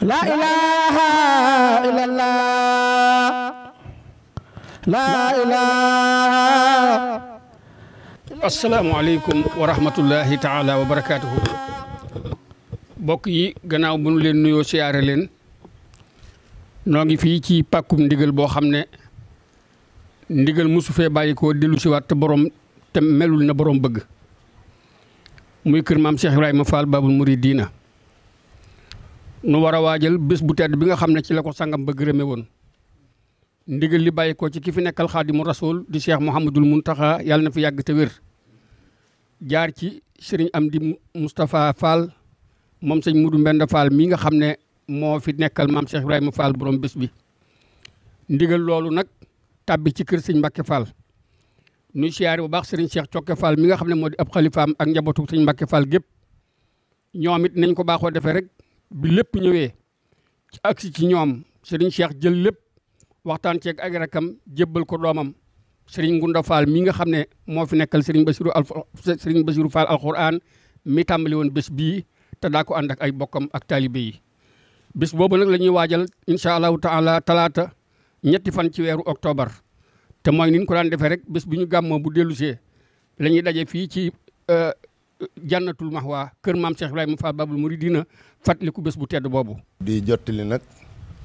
لا إله إلا الله لا إله asalaamaaleykum wa rahmatullahi taala wa barakaatuhu mbokk yi gannaaw bu nu leen nuyoo siyaare leen noo ngi fii ci pàkkum ndigal boo xam ne ndigal mosu fee bàyyi koo dellu si waat te borom te melul na borom bëgg muy kër maam Cheikh Ibrahima Fall Babul Muridiina nu war a waajal bés bu tedd bi nga xam ne ci la ko sangam ba gërëme woon ndigal li bàyyi ko ci ki fi nekkal xaadimu rasul di seex cheikh mun taxa yàlla na fi yàgg te wér jaar ci sëriñ Amdi Moustapha Fall moom sëñ Mudu mbenn Fall mii nga xam ne moo fi nekkal maam Cheikh Ibrahima Fall borom bés bi ndigal loolu nag tàbbi ci kër sëñ Mbacke Fall nuy siyaare bu baax sëriñ Cheikh Cokke Fall mi nga xam ne moo di ab xalifaam ak njabootu sëñ Mbacke Fall gépp ñoom it nañ ko baaxoo defee rek bi lépp ñëwee ci agsi ci ñoom sëriñ Cheikh jël lépp waxtaan ceeg ak rakam jébbal ko doomam sëriñ Ngunda Fall mi nga xam ne moo fi nekkal sëriñ Basiru al sëriñ Basiru Fall mi tàmbali woon bés bii te daa ko ànd ak ay bokkam ak taalibe yi. bés boobu nag la ñuy waajal incha allahu taala talaata ñetti fan ci weeru octobre te mooy ni ñu ko daan defee rek bés bi ñu gàmmoo bu dellusee lañuy daje fii ci euh, jannatul waa kër maam Cheikh Ibrahima Fall Babul Mouridina fàttaliku bés bu tedd boobu. di jottali nag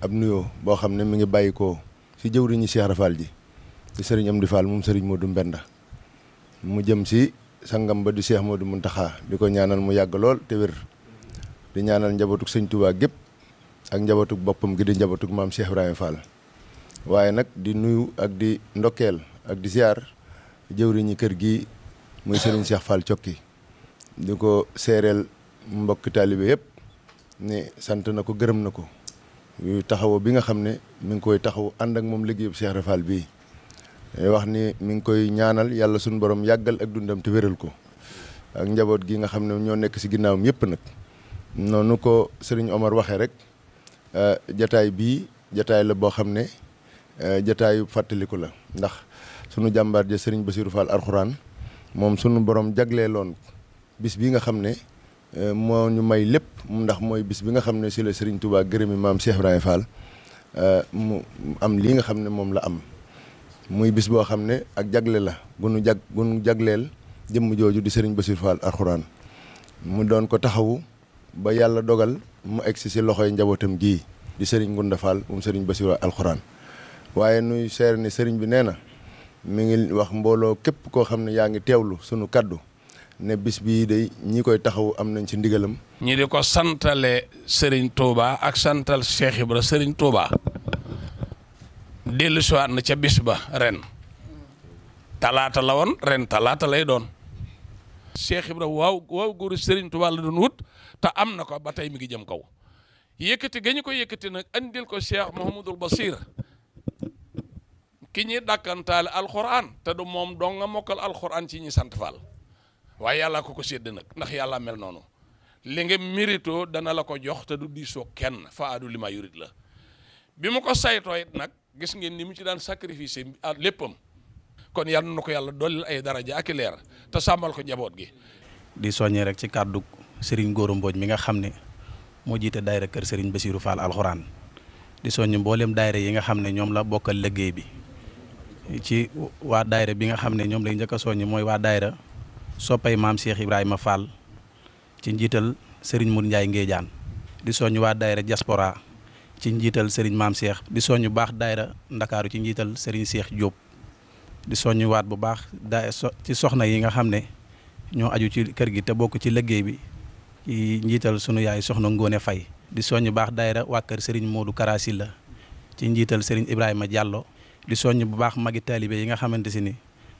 ab nuyoo boo xam ne mu ngi bàyyi ko si jëwriñu Cheikh Rafal ji di Serigne Amdi Fall moom Serigne Modou Mbenda mu jëm si sangam ba di Cheikh Modou Mountakha di ko ñaanal mu yàgg lool te wér di ñaanal njabootug sëñ Touba gépp ak njabootug boppam gi di njabootug maam Cheikh Ibrahima Fall waaye nag di nuyu ak di ndokkeel ak di ziar jëwriñu kër gi muy Serigne Cheikh Fall Cokki. di ko seereel mbokk taalibe yëpp ne sant na ko gërëm na ko yu taxawu bi nga xam ne mi ngi koy taxaw ànd ak moom liggéeyub Cheikh Rafal bii wax ni mi ngi koy ñaanal yàlla suñu borom yàggal ak dundam te wéral ko ak njaboot gi nga xam ne ñoo nekk si ginnaawam yëpp nag noonu ko sëriñ Omar waxee rek euh, jataay bii jataay la boo xam ne euh, jataayu fàttaliku la ndax sunu jàmbaar ja sëriñ Basiru Fall Alxuraan moom sunu borom jagleeloon bis bi nga xam ne euh, moo ñu may lépp ndax mooy bis bi nga xam ne si la Serigne Touba gërëmi maam Cheikh Ibrahima Fall euh, mu am lii nga xam ne moom la am muy bis boo xam ne ak jagle la bu nu jag bu jagleel jëmm jooju di Serigne Bassirou Fall alxuraan mu doon ko taxawu ba yàlla dogal mu egsi si loxoy njabootam gii di sëriñ Ngunda Fall um Serigne Bassirou alxuraan waaye nuy seer ne Serigne bi nee na mi ngi wax mbooloo képp koo xam ne yaa ngi teewlu sunu kàddu ne bis bii day ñi koy taxaw am nañ ci ndigalam. ñi di ko santale sëriñ Touba ak santal Cheikh Ibra Serigne Touba dellu ca bis ba ren talaata la woon ren talaata lay doon. Cheikh Ibra waaw waaw góoru Serigne Touba la doon wut te am na ko ba tey mi ngi jëm kaw yëkkati ga ñu ko yëkkati nag andil ko Cheikh Mouhamadul Basir ki ñuy dakkantaale alxuraan te du moom dong nga mokkal alxuraan ci ñi sant Fall. waaye yàlla ko ko sédd nag ndax yàlla mel noonu li nga mérito dana la ko jox te du diisoo kenn faadu li ma yurit la bi mu ko saytoo it nag gis ngeen ni mu ci daan sacrifice léppam kon yal na ko yàlla dollil ay daraja ak leer te sàmmal ko jaboot gi. di soññee rek ci kàddu Serigne Gora Mbodj mi nga xam ne moo jiite daayira kër Serigne Bassirou Fall alxuraan di soññ mboolem daayira yi nga xam ne ñoom la bokkal liggéey bi ci waa daayira bi nga xam ne ñoom lay njëkk a mooy waa daayira soppay maam Cheikh Ibrahima Fall ci njiital Serigne Mour Ndiaye Ngéejaan di soññ waa daayira diaspora ci njiital Serigne maam Cheikh di soññ baax daayira Ndakaaru ci njiital Serigne Cheikh jóob di soññ waat bu baax daa soxna yi nga xam ne ñoo aju ci kër gi te bokk ci liggéey bi ci njiital sunu yaay soxna Ngone fay di soññ baax daayira waa kër Serigne Modou Karasi la ci njiital Serigne Ibrahima Diallo di soññ bu baax magi taalibe yi nga xamante si ni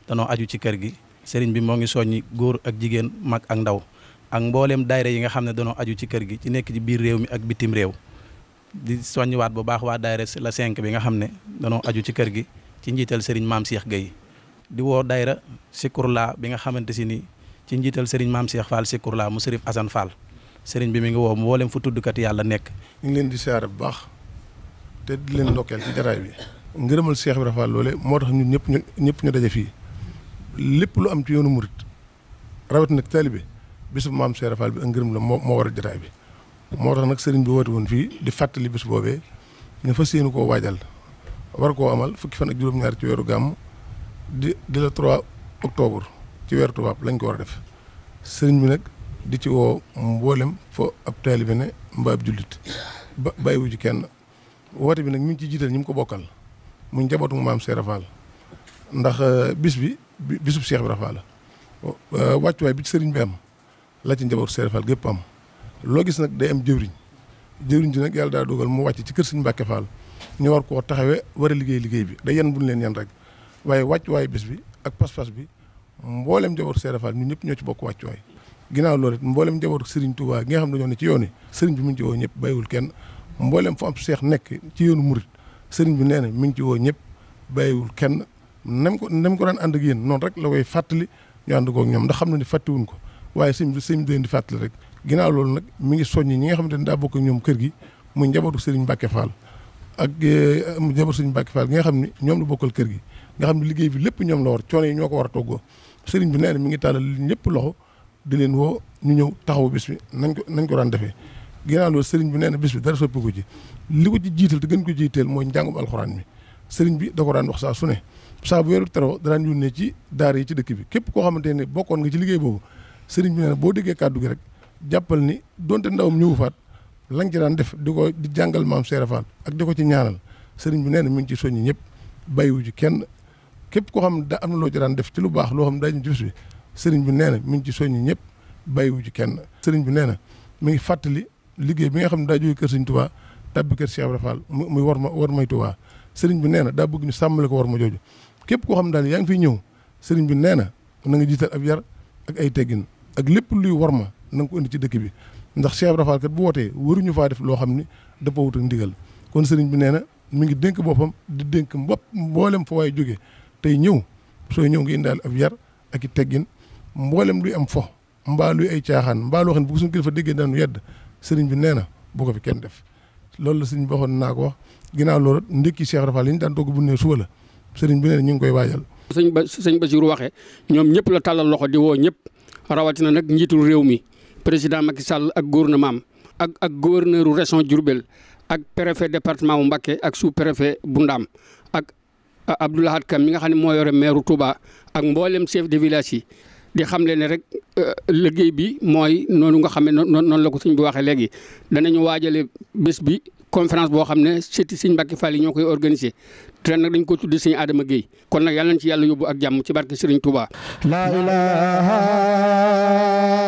danoo aju ci kër gi sëriñ bi moo ngi soññi góor ak jigéen mag ak ndaw ak mbooleem daayira yi nga xam ne danoo aju ci kër gi ci nekk ci biir réew mi ak bitim réew di soññiwaat bu baax waa daayira la cinq bi nga xam ne danoo aju ci kër gi ci njiital sëriñ maam Cheikh Gueye di woo daayira Sikurla bi nga xamante si ni ci njiital sëriñ maam Cheikh Fall Sikurla mu sërif Assane Fall sëriñ bi mi ngi woo mboolem fu tuddkat yàlla nekk. ñu ngi leen di siyaare bu baax te di leen ndokkeel ci jaraay bi. ngërëmal Cheikh Ibrahima Fall loole moo tax ñun ñëpp ñëpp ñu daje fii lépp lu am ci yoonu murit rawat nag taalibe bisub maam Cheikh Fall bi ak ngërëm la moo moo waral jotaay bi moo tax nag sëriñ bi woote woon fii di fàttali bis boobee nga fas yéene koo waajal war koo amal fukki fan ak juróom-ñaar ci weeru gàmm di di la 3 octobre ci weeru tubaab lañ ko war a def sëriñ bi nag di ci woo mboolem fo ab taalibe ne mbaa ab jullit ba bàyyiwu ci kenn woote bi nag ñu ngi ci jiital ñi mu ko bokkal mu njabootu maam Cheikh ndax euh, bis bi. bisub Cheikh Ibra Fall la euh, waay bi ci sëriñ bi am la ci njaboot Cheikh Fall gépp am loo gis nag day am jëwriñ jëwriñ ji nag yàlla daa dogal mu wàcc ci kër sëriñ Mbàkke Fall ñu war koo taxawee war a liggéey liggéey bi day yan buñ leen yan rek waaye wàccuwaay bis bi ak pas-pas bi mboolem njaboot Cheikh Fall ñun ñëpp ñoo ci bokk wàccuwaay ginnaaw loolu it mboolem njabootu Serigne Touba gi nga xam ne dañoo ne ci yoon yi Serigne bi mu ngi ci woo ñëpp bàyyiwul kenn mboolem fu am seex nekk ci yoonu murit Serigne bi nee na mi ngi ci nem ko nem ko daan ànd ak yéen noonu rek la koy fàttali ñu ànd koog ñoom ndax xam na ni fàttiwuñ ko waaye sëñ bi sëñ bi leen di fàttali rek ginnaaw loolu nag mi ngi soññi ñi nga xamante ni daa bokk ñoom kër gi muy njabootu sëriñ Mbacke Fall ak eh, mu njabootu sëriñ Mbacke Fall gi nga xam ne ñoom la bokkal kër gi nga xam ne liggéey bi lépp ñoom la war coono yi ñoo ko war a toggoo sëriñ bi nee na mi ngi tàllal ñëpp loxo di leen woo ñu ñëw taxawu bis bi nañ ko nañ ko daan defee ginnaaw loolu sëriñ bi na bis bi dara soppiku ci li ko ci jiital te gën ko jiital mooy njàngum alxuraan mi sëriñ bi da ko daan wax saa su ne saa bu weeru teroo da daan yónnee ci daar yi ci dëkk bi képp koo xamante ne bokkoon nga ci liggéey boobu sëriñ bi boo déggee kàddu rek jàppal ni donte ndawam ñëwu faat lañ ci daan def di ko di jàngal maam Seera Fall ak di ci ñaanal sëriñ bi nee na mi ngi ci soññi ñëpp bàyyiwu ci kenn képp koo xam da am na def ci lu baax loo xam daañu ci bis bi sëriñ bi nee na mi ngi ci soññi ñëpp bàyyiwu ci kenn sëriñ bi nee na mi ngi fàttali liggéey bi nga xam ne daa jóge kër sëriñ Tuubaa tàbbi kër Cheikh Ibra Fall muy war ma war may sëriñ bi nee na daa bëgg ñu sàmmale ko war ma jooju képp koo xam ne daal yaa ngi fiy ñëw sëriñ bi nee na na nga jiital ab yar ak ay teggin ak lépp luy war ma na ko indi ci dëkk bi ndax Cheikh Ibra Fall kat bu wootee waruñu faa def loo xam ni dafa wut ndigal kon sëriñ bi nee na mi ngi dénk boppam di dénk mbopp mboolem fa waaye jóge tey ñëw sooy ñëw nga indaal ab yar ak i teggin mboolem luy am fo mbaa luy ay caaxaan mbaa loo xam ne bu suñu kilifa déggee daanu yedd nee na bu ko kenn def loolu la sëriñ bi waxoon naa ko wax ginnaaw loolu ndékki Cheikh Rafal li ñu daan togg bu ne la sëriñ bi ne ñu ngi koy waajal. sëñ ba sëñ Basiru waxee ñoom ñëpp la tàllal loxo di woo ñëpp rawatina nag njiitu réew mi président Macky Sall ak gouvernement ak ak gouverneur région Diourbel ak préfet département bu Mbacké ak su préfet bu Ndaam ak Abdoulahat Kam mi nga xam ne moo yore maire Touba ak mboolem chef de village yi. di xam leen ne rek euh, liggéey bi mooy noonu nga xam noonu la ko sëñ bi waxee léegi danañu waajale bés bi conférence boo xam ne sëti sëñ Mbàkke Fall yi ñoo koy organisé te nag dañ ko tuddee sëñ Adama Guèye kon nag yàlla nañ ci yàlla yóbbu ak jàmm ci barke Serigne Touba. la ilaha